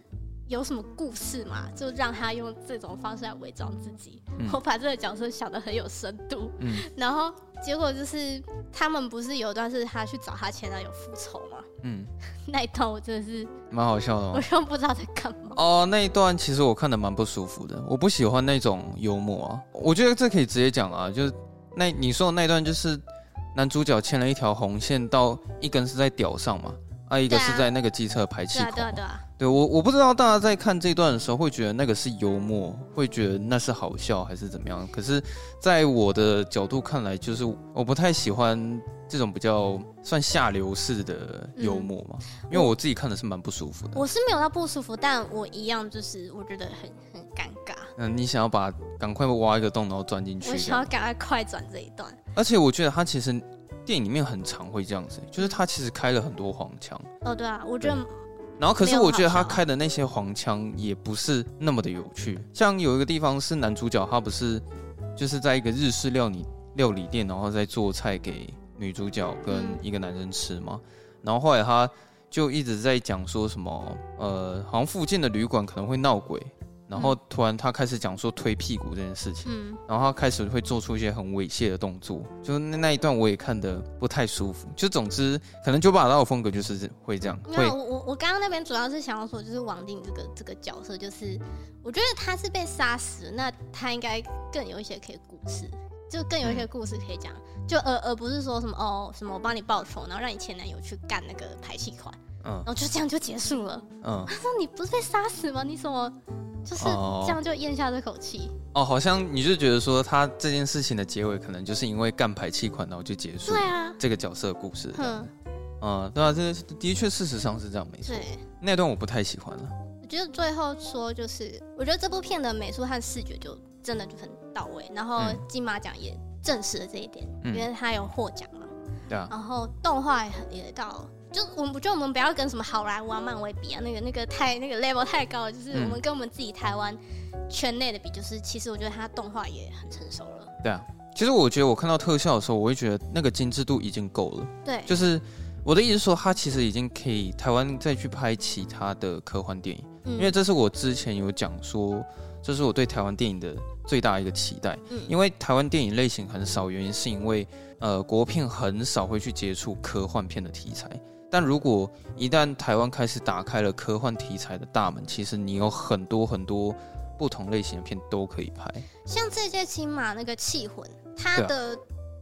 [SPEAKER 1] 有什麼故事嘛？就讓他用這種方式來偽裝自己、嗯。我把這個角色想得很有深度。嗯。然後結果就是他們不是有一段是他去找他前男友復仇嗎？嗯。 (laughs) 那一段我真的是，
[SPEAKER 2] 蠻好笑的、哦。我又
[SPEAKER 1] 不知道在幹
[SPEAKER 2] 嘛。哦，那一段其實我看得蠻不舒服的。我不喜歡那種幽默啊。我覺得這可以直接講啊，就是那你說的那一段就是男主角牽了一條紅線，到一根是在屌上嘛，啊，一個是在那個機車的排氣口。對啊，對啊。對啊對啊。對我，我不知道大家在看這段的時候會覺得那個是幽默，會覺得那是好笑還是怎麼樣？可是，在我的角度看來，就是我不太喜歡這種比較算下流式的幽默嘛，嗯、因為我自己看的是蠻不舒服的
[SPEAKER 1] 我。我是沒有到不舒服，但我一樣就是我覺得很很
[SPEAKER 2] 尷尬。嗯，你想要把趕快挖一個洞然後鑽進去？我想
[SPEAKER 1] 要趕快快轉這一段。
[SPEAKER 2] 而且我覺得他其實電影裡面很常會這樣子、欸，就是他其實開了很多黃腔、
[SPEAKER 1] 嗯。哦，對啊，我覺得。
[SPEAKER 2] 然後，可是我覺得他開的那些黃腔也不是那麼的有趣。像有一個地方是男主角，他不是就是在一個日式料理料理店，然後在做菜給女主角跟一個男生吃嘛。然後後來他就一直在講說什麼，呃，好像附近的旅館可能會鬧鬼。然後突然他開始講說推屁股這件事情，嗯，然後他開始會做出一些很猥褻的動作，就那一段我也看得不太舒服。就總之，可能九把刀的風格就是會這樣會、嗯。沒有，
[SPEAKER 1] 我我剛剛那邊主要是想要說，就是王定這個這個角色，就是我覺得他是被殺死，那他應該更有一些可以故事，就更有一些故事可以講，嗯、就而而不是說什麼哦什麼我幫你報仇，然後讓你前男友去幹那個排氣管。嗯，然後就這樣就結束了。嗯，他、啊、說你不是被殺死嗎？你怎麼就是這樣就嚥下這口氣、
[SPEAKER 2] 哦？哦，好像你就覺得說他這件事情的結尾可能就是因為幹排氣管，然後就結束對、啊嗯嗯。對啊，這個角色故事，嗯，啊，對啊，這的確事實上是這樣沒錯。那段我不太喜歡了。
[SPEAKER 1] 我覺得最後說就是，我覺得這部片的美術和視覺就真的就很到位，然後金馬獎也證實了這一點，嗯、因為他有獲獎嘛。對啊。然後動畫也很，也到。就我們，我覺得我們不要跟什麼好萊塢、漫威比啊，那個那個太那個 level 太高了。就是我們跟我們自己台灣圈內的比，就是其實我覺得它動畫也很成熟
[SPEAKER 2] 了。對啊，其實我覺得我看到特效的時候，我會覺得那個精致度已經夠了。對，就是我的意思是說，它其實已經可以台灣再去拍其他的科幻電影，嗯，因為這是我之前有講說，這是我對台灣電影的最大一個期待。嗯，因為台灣電影類型很少，原因是因為呃，國片很少會去接觸科幻片的題材。但如果一旦台灣開始打開了科幻題材的大門，其實你有很多很多不同類型的片都可以拍，
[SPEAKER 1] 像這些金馬那個《緝魂》，它的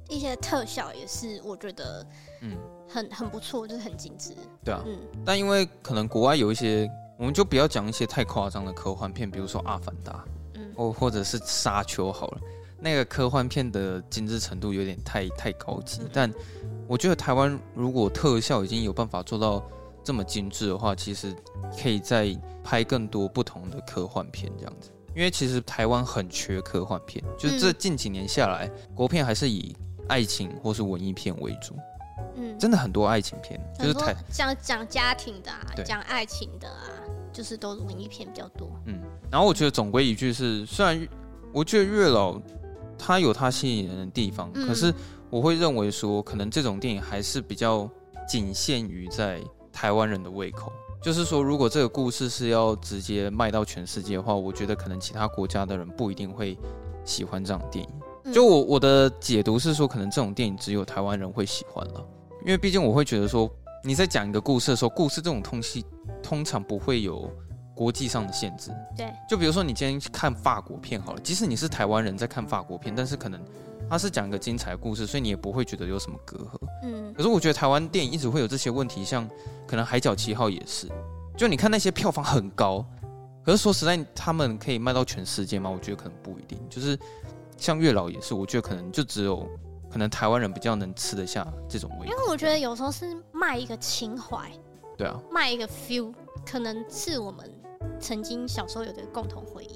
[SPEAKER 1] 一些特效也是我覺得，嗯，很很不錯，就是很精緻。
[SPEAKER 2] 對啊，嗯。但因為可能國外有一些，我們就不要講一些太誇張的科幻片，比如說《阿凡達》，嗯，哦，或者是《沙丘》好了。那個科幻片的精緻程度有點太太高級，嗯，但我覺得台灣如果特效已經有辦法做到這麼精緻的話，其實可以再拍更多不同的科幻片這樣子。因為其實台灣很缺科幻片，就這近幾年下來，嗯、國片還是以愛情或是文藝片為主。嗯，真的很多愛情片，就是台
[SPEAKER 1] 講講家庭的、啊，講愛情的、啊，就是都文藝片比較多。
[SPEAKER 2] 嗯，然後我覺得總歸一句是，雖然越，我覺得月老。他有他吸引人的地方。嗯，可是我會認為說，可能這種電影還是比較僅限於在台灣人的胃口。就是說，如果這個故事是要直接賣到全世界的話，我覺得可能其他國家的人不一定會喜歡這種電影。嗯。就我我的解讀是說，可能這種電影只有台灣人會喜歡了，因為畢竟我會覺得說，你在講一個故事的時候，故事這種東西通常不會有。國際上的限制，對，就比如說你今天看法國片好了，即使你是台灣人在看法國片，但是可能它是講一個精彩故事，所以你也不會覺得有什麼隔閡。嗯，可是我覺得台灣電影一直會有這些問題，像可能《海角七號》也是，就你看那些票房很高，可是說實在，他們可以賣到全世界嗎？我覺得可能不一定。就是像《月老》也是，我覺得可能就只有可能台灣人比較能吃得下這種味道。因
[SPEAKER 1] 為我覺得有時候是賣一個情懷，對啊，賣一個 feel，可能是我們。曾經小時候有的共同回憶，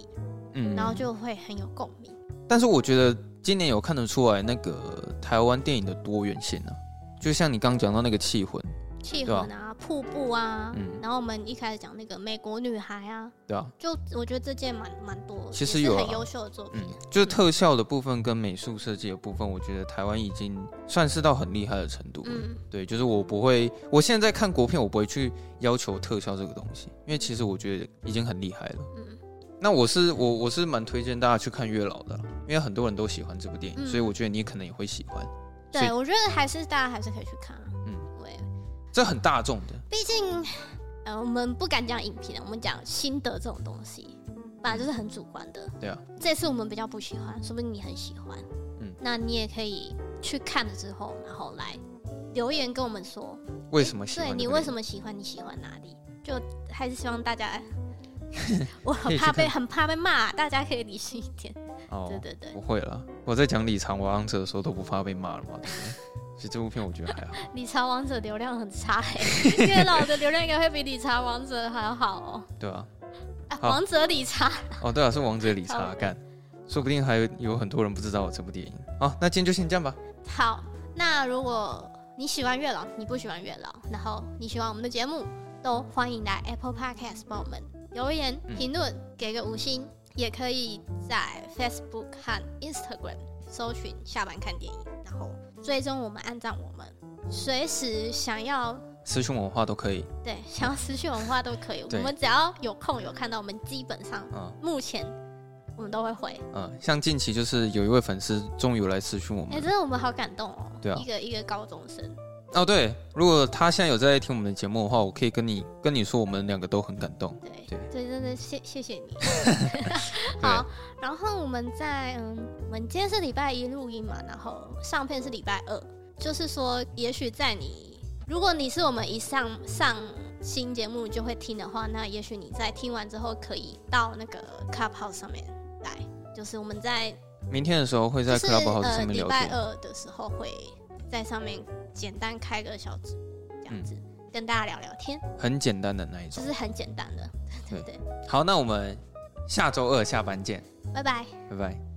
[SPEAKER 2] 嗯，然後
[SPEAKER 1] 就會很有共鳴。
[SPEAKER 2] 但是我覺得今年有看得出來那個台灣電影的多元性呢、啊，就像你剛講到那個《緝魂》。氣氛
[SPEAKER 1] 啊，瀑布啊、嗯，然後我們一開始講那個美國女孩啊，對啊，就我覺得這件蠻蠻多，其實有、啊、很優秀的作品、嗯，
[SPEAKER 2] 就是特效的部分跟美術設計的部分、嗯，我覺得台灣已經算是到很厲害的程度了、嗯。對，就是我不會，我現在看國片，我不會去要求特效這個東西，因為其實我覺得已經很厲害了、嗯。那我是我我是蠻推薦大家去看月老的，因為很多人都喜歡這部電影，嗯、所以我覺得你可能也會喜歡。對，我
[SPEAKER 1] 覺得還是、嗯、大家還是可以去看。
[SPEAKER 2] 這很大眾的，
[SPEAKER 1] 畢竟，呃，我們不敢講影評。我們講心得這種東西，本來就是很主觀的。對啊，這次是我們比較不喜歡，說不定你很喜歡。嗯，那你也可以去看了之後，然後來留言跟我們說
[SPEAKER 2] 為什麼喜歡、欸。對，你為什
[SPEAKER 1] 麼喜歡？你喜歡哪裡？就還是希望大家， (laughs) 我很怕被很怕被罵，大家可以理性一點。 (laughs) 哦，
[SPEAKER 2] 對對對，不會啦，我在講《李常王者》的時候都不怕被罵了嘛。對 (laughs) 其實這部片我覺得還好……
[SPEAKER 1] (laughs) 理查王者流量很差，欸，月 (laughs) 老的流量應該會比理查王者還要好哦，喔 (laughs) 。
[SPEAKER 2] 對啊，啊，王者理查哦，對啊，是王者理查幹， (laughs) 說不定還有很多人不知道我這部電影。好，那今天就先這樣吧。
[SPEAKER 1] 好，那如果你喜歡月老，你不喜歡月老，然後你喜歡我們的節目，都歡迎來 Apple Podcast 幫我們留言、評論，給個五星，嗯，也可以在 Facebook 和 Instagram 搜尋“下班看電影”，然後。追蹤我，我們，按讚我們，隨時想要
[SPEAKER 2] 私訊我們的話都可以。
[SPEAKER 1] 對，想要私訊我們的話都可以。 (laughs) 我們只要有空有看到，我們基本上目前我們都會回。
[SPEAKER 2] 嗯、呃，像近期就是有一位粉絲終於有來私訊我們，哎、
[SPEAKER 1] 欸，真的我們好感動哦、喔。對啊，一個一個高中生。
[SPEAKER 2] 哦，對，如果他現在有在聽我們的節目的話，我可以跟你跟你說，我們兩個都很感動。對
[SPEAKER 1] 對對，真的謝謝謝你。 (laughs) 好，然後我們在嗯，我們今天是禮拜一錄音嘛，然後上片是禮拜二，就是說，也許在你，如果你是我們一上上新節目就會聽的話，那也許你在聽完之後可以到那個 Club House 上面來，就是我們在
[SPEAKER 2] 明天的時候會在 Club House 上面聊天。就是呃、禮拜
[SPEAKER 1] 二的時候會。在上面簡單開個小支，
[SPEAKER 2] 這樣子、嗯、
[SPEAKER 1] 跟大家聊聊天，
[SPEAKER 2] 很簡單的那一種，就是
[SPEAKER 1] 很簡單的。
[SPEAKER 2] 對對、對。好，那我們下周二下班見。拜拜。拜拜。